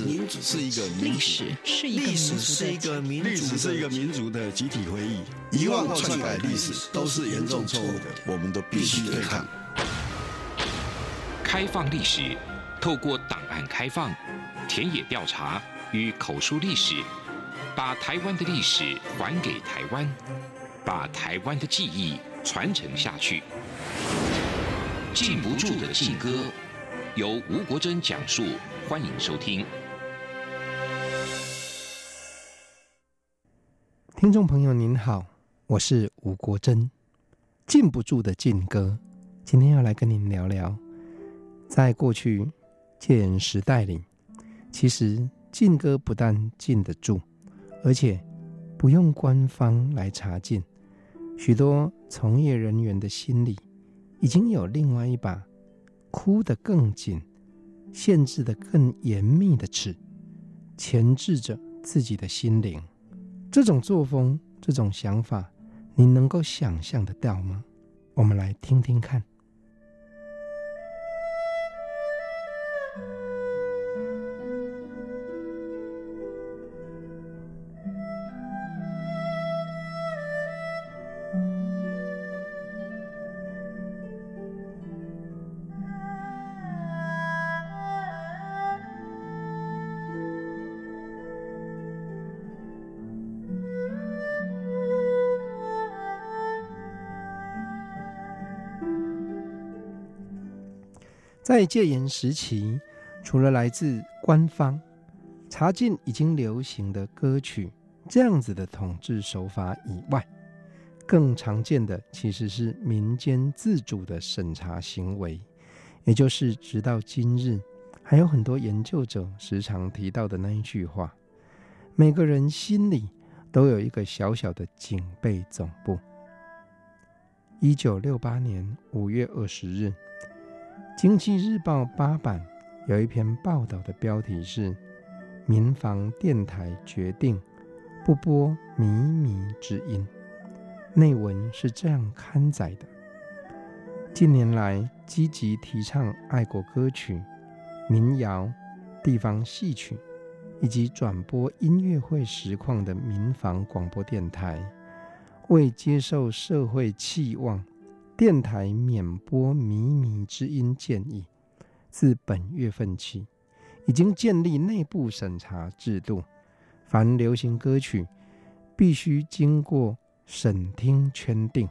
歷史，史是一個民族的歷史，是一個民族的歷史，是一個民族的集體回憶。遺忘或篡改歷史都是嚴重錯誤的，我們都必須對抗。開放歷史，透過檔案開放、田野調查與口述歷史，把台灣的歷史還給台灣，把台灣的記憶傳承下去。禁不住的禁歌，由吳國珍講述，歡迎收聽。聽眾朋友您好，我是吳國珍，禁不住的禁歌，今天要來跟您聊聊，在過去戒嚴時代裡，其實禁歌不但禁得住，而且不用官方來查禁，許多從業人員的心裡，已經有另外一把箍得更緊、限制得更嚴密的尺，鉗制着自己的心靈。這種作風，這種想法，你能夠想象得到嗎？我們來聽聽看。在戒嚴時期，除了來自官方查禁已經流行的歌曲這樣子的統治手法以外，更常見的其實是民間自主的審查行為。也就是直到今日，還有很多研究者時常提到的那一句話：每個人心裡都有一個小小的警備總部。一九六八年五月二十日。經濟日報八版有一篇報道的標題是“民防電台決定不播靡靡之音”，內文是這樣刊載的：近年來，積極提倡愛國歌曲、民謠、地方戲曲以及轉播音樂會實況的民防廣播電台，為接受社會期望。電台免播靡靡之音建議，自本月份起，已經建立內部審查制度，凡流行歌曲必須經過審聽圈定，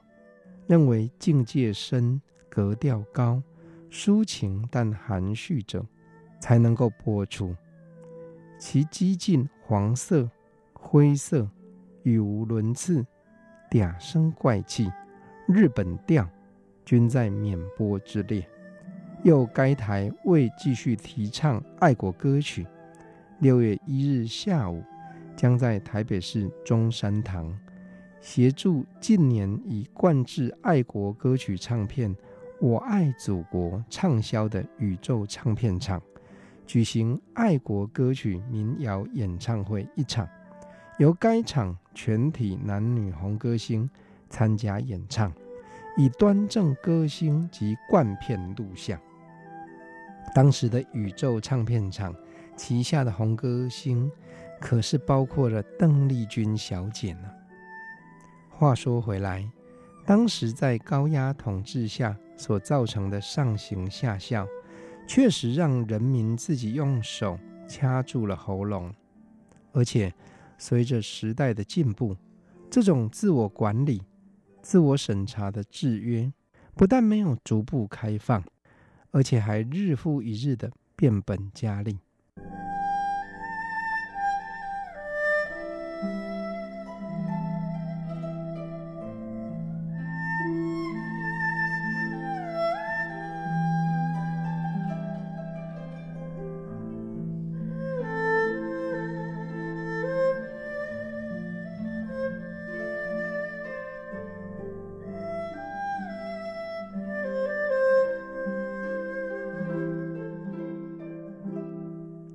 認為境界深、格調高、抒情但含蓄者，才能夠播出；其激進、黃色、灰色、語無倫次、嗲聲怪氣、日本調。均在免播之列。又，該臺為繼續提倡愛國歌曲，六月一日下午將在台北市中山堂協助近年以灌製愛國歌曲唱片《我愛祖國》暢銷的宇宙唱片廠舉行愛國歌曲民謠演唱會一場，由該廠全體男女紅歌星參加演唱。以端正歌星及灌片錄像。當時的宇宙唱片廠旗下的紅歌星，可是包括了鄧麗君小姐呢。話說回來，當時在高壓統治下所造成的上行下效，確實讓人民自己用手掐住了喉嚨。而且，隨着時代的進步，這種自我管理，自我審查的制約，不但沒有逐步開放，而且還日復一日的變本加厲。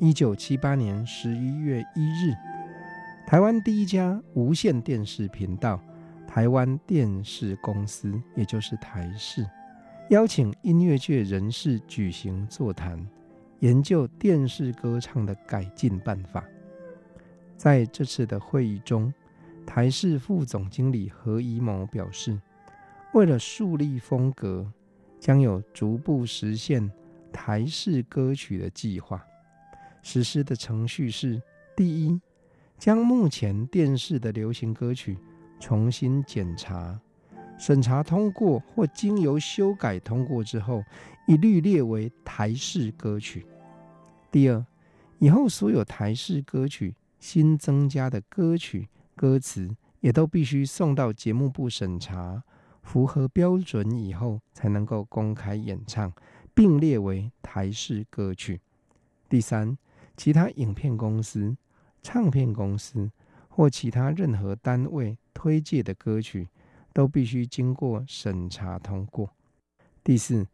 一九七八年十一月一日，台灣第一家無線電視頻道——台灣電視公司，也就是台視，邀請音樂界人士舉行座談，研究電視歌唱的改進辦法。在這次的會議中，台視副總經理何以謀表示：“為了樹立風格，將有逐步實現台視歌曲的計劃。”實施的程序是：第一，將目前電視的流行歌曲重新檢查，審查通過或經由修改通過之後，一律列為台式歌曲。第二，以後所有台式歌曲新增加的歌曲歌詞也都必須送到節目部審查，符合標準以後才能夠公開演唱，並列為台式歌曲。第三，其他影片公司、唱片公司或其他任何單位推介的歌曲，都必須經過審查通過。第四，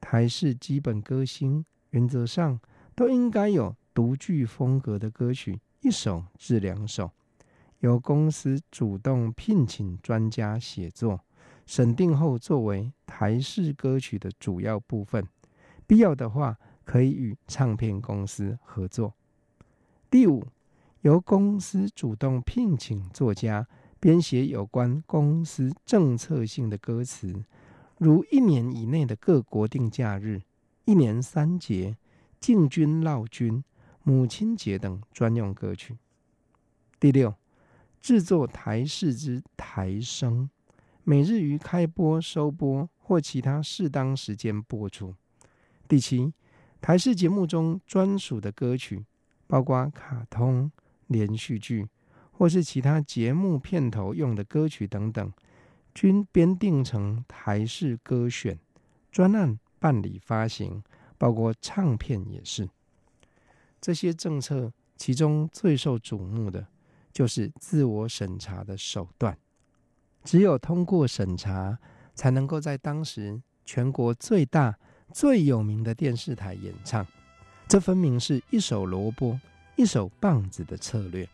台式基本歌星原則上都應該有獨具風格的歌曲一首至兩首，由公司主動聘請專家寫作，審定後作為台式歌曲的主要部分。必要的話，可以與唱片公司合作。第五，由公司主動聘請作家編寫有關公司政策性的歌詞，如一年以內的各國定假日、一年三節、敬軍勞軍、母親節等專用歌曲。第六，製作台視之台聲，每日於開播、收播或其他適當時間播出。第七。台視節目中專屬的歌曲，包括卡通、連續劇或是其他節目片頭用的歌曲等等，均編訂成台視歌選，專案辦理發行，包括唱片也是。這些政策其中最受矚目的，就是自我審查的手段。只有通過審查，才能夠在當時全國最大。最有名的電視台演唱，這分明是一手蘿蔔，一手棒子的策略。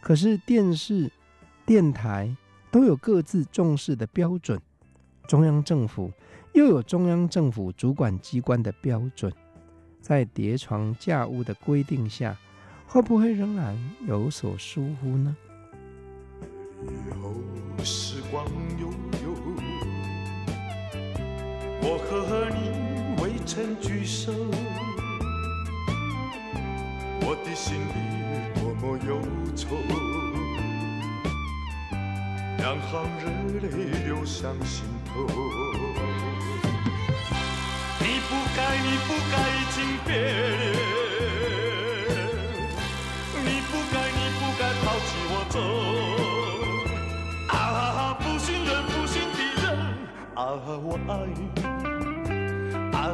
可是電視、電台都有各自重視的標準，中央政府又有中央政府主管機關的標準，在疊床架屋的規定下，會不會仍然有所疏忽呢？曾聚首，我的心裡多麼憂愁，兩行熱淚流向心頭。你不該，你不該移情別戀，你不該，你不該拋棄我走。啊，負心人，負心的人，啊，我愛你。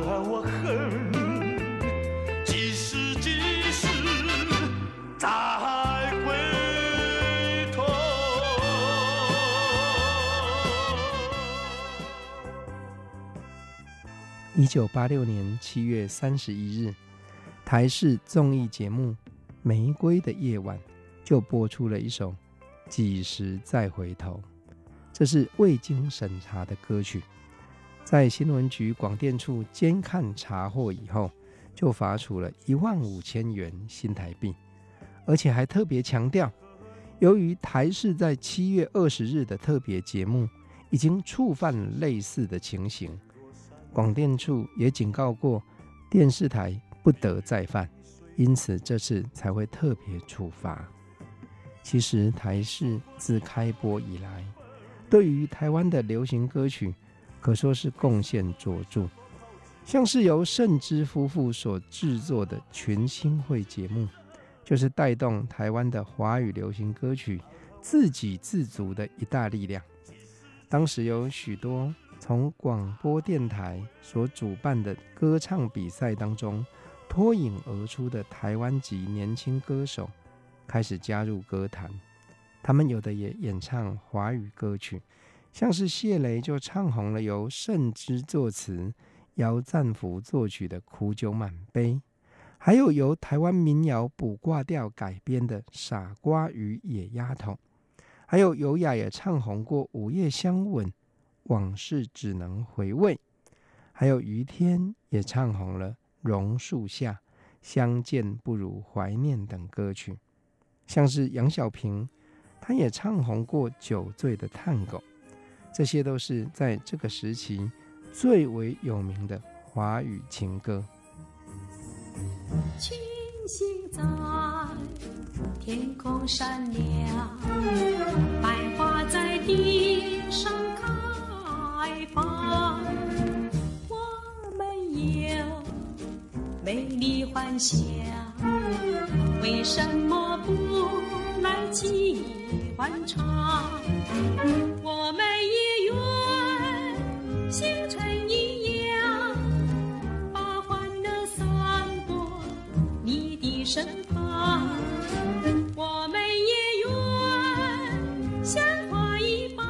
我恨你幾時幾時再回頭。一九八六年七月三十一日，台視綜藝節目《玫瑰的夜晚》就播出了一首《幾時再回頭》，這是未經審查的歌曲。在新聞局廣電處監看查獲以後，就罰處了一萬五千元新台幣，而且還特別強調，由於台視在七月二十日的特別節目已經觸犯了類似的情形，廣電處也警告過電視台不得再犯，因此這次才會特別處罰。其實台視自開播以來，對於台灣的流行歌曲，可說是貢獻卓著，像是由慎芝夫婦所制作的群星會節目，就是帶動台灣的華語流行歌曲自給自足的一大力量。當時有許多從廣播電台所主辦的歌唱比賽當中脫穎而出的台灣籍年輕歌手，開始加入歌壇，他們有的也演唱華語歌曲。像是謝雷就唱紅了由慎芝作詞、姚贊福作曲的《苦酒滿杯》，還有由台灣民謠卜卦調改編的《傻瓜與野丫頭》，還有尤雅也唱紅過《午夜相吻》，往事只能回味，還有余天也唱紅了《榕樹下》，相見不如懷念等歌曲。像是楊小萍，他也唱紅過《酒醉的探戈》。這些都是在這個時期最為有名的華語情歌。星星在天空閃亮，百花在地上開放，我們有美麗幻想，為什麼不來齊歡唱？身旁我們也願像花一般，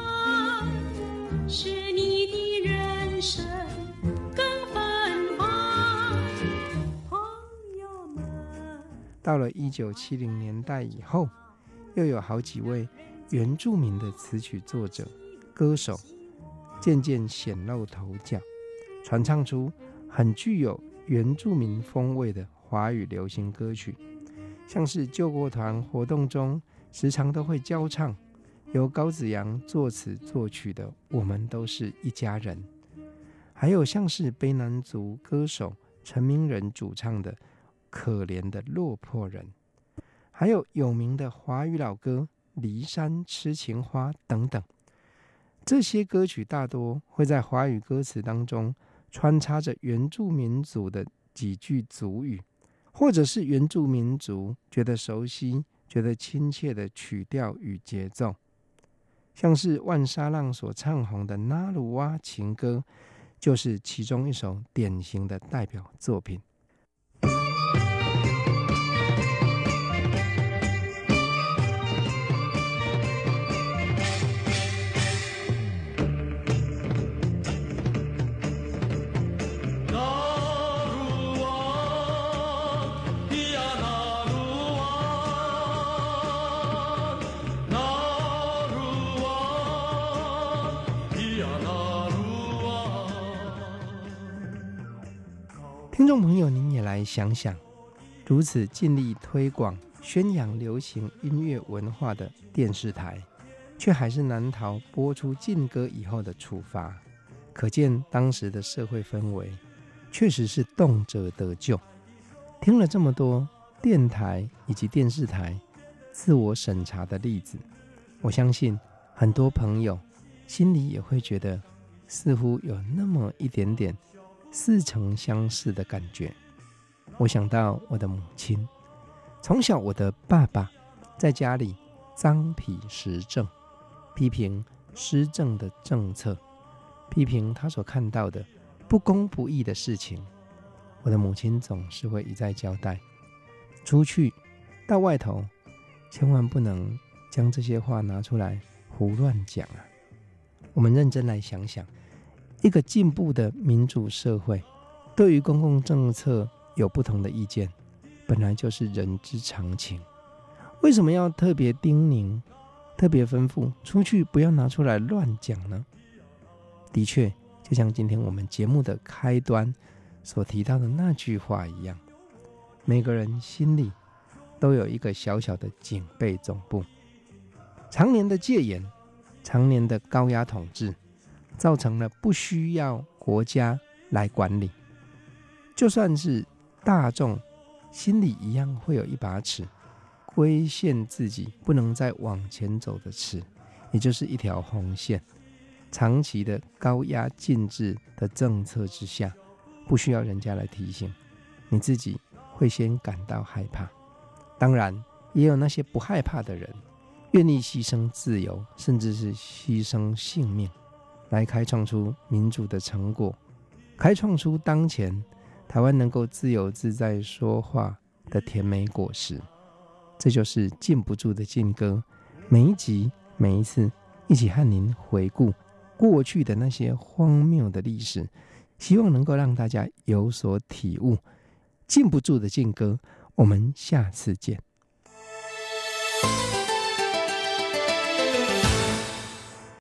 使你的人生更繁華。朋友們，到了一九七零年代以後又有好幾位原住民的詞曲作者、歌手漸漸顯露頭角，傳唱出很具有原住民風味的華語流行歌曲，像是救國團活動中時常都會交唱，由高子洋作詞作曲的《我們都是一家人》，還有像是卑南族歌手陳明仁主唱的《可憐的落魄人》，還有有名的華語老歌《梨山痴情花》等等。這些歌曲大多會在華語歌詞當中穿插着原住民族的幾句族語。或者是原住民族覺得熟悉、覺得親切的曲調與節奏，像是萬沙浪所唱紅的《那魯哇情歌》，就是其中一首典型的代表作品。聽眾朋友，您也來想想，如此盡力推廣、宣揚流行音樂文化的電視臺，卻還是難逃播出禁歌以後的處罰，可見當時的社會氛圍確實是動輒得咎。聽了這麼多電臺以及電視臺自我審查的例子，我相信很多朋友心裡也會覺得，似乎有那麼一點點。似曾相識的感覺，我想到我的母親。從小，我的爸爸在家裡臧否時政，批評施政的政策，批評他所看到的不公不義的事情。我的母親總是會一再交代：出去到外頭，千萬不能將這些話拿出來胡亂講啊！我們認真來想想。一個進步的民主社會，對於公共政策有不同的意見，本來就是人之常情。為什麼要特別叮嚀、特別吩咐出去不要拿出來亂講呢？的確，就像今天我們節目的開端所提到的那句話一樣，每個人心裡都有一個小小的警備總部。常年的戒嚴，常年的高壓統治。造成了不需要國家來管理，就算是大眾心裡一樣會有一把尺，規限自己不能再往前走的尺，也就是一條紅線。長期的高壓禁制的政策之下，不需要人家來提醒，你自己會先感到害怕。當然，也有那些不害怕的人，願意犧牲自由，甚至是犧牲性命。來開創出民主的成果，開創出當前台灣能夠自由自在說話的甜美果實。這就是禁不住的禁歌，每一集、每一次，一起和您回顧過去的那些荒謬的歷史，希望能夠讓大家有所體悟。禁不住的禁歌，我們下次見。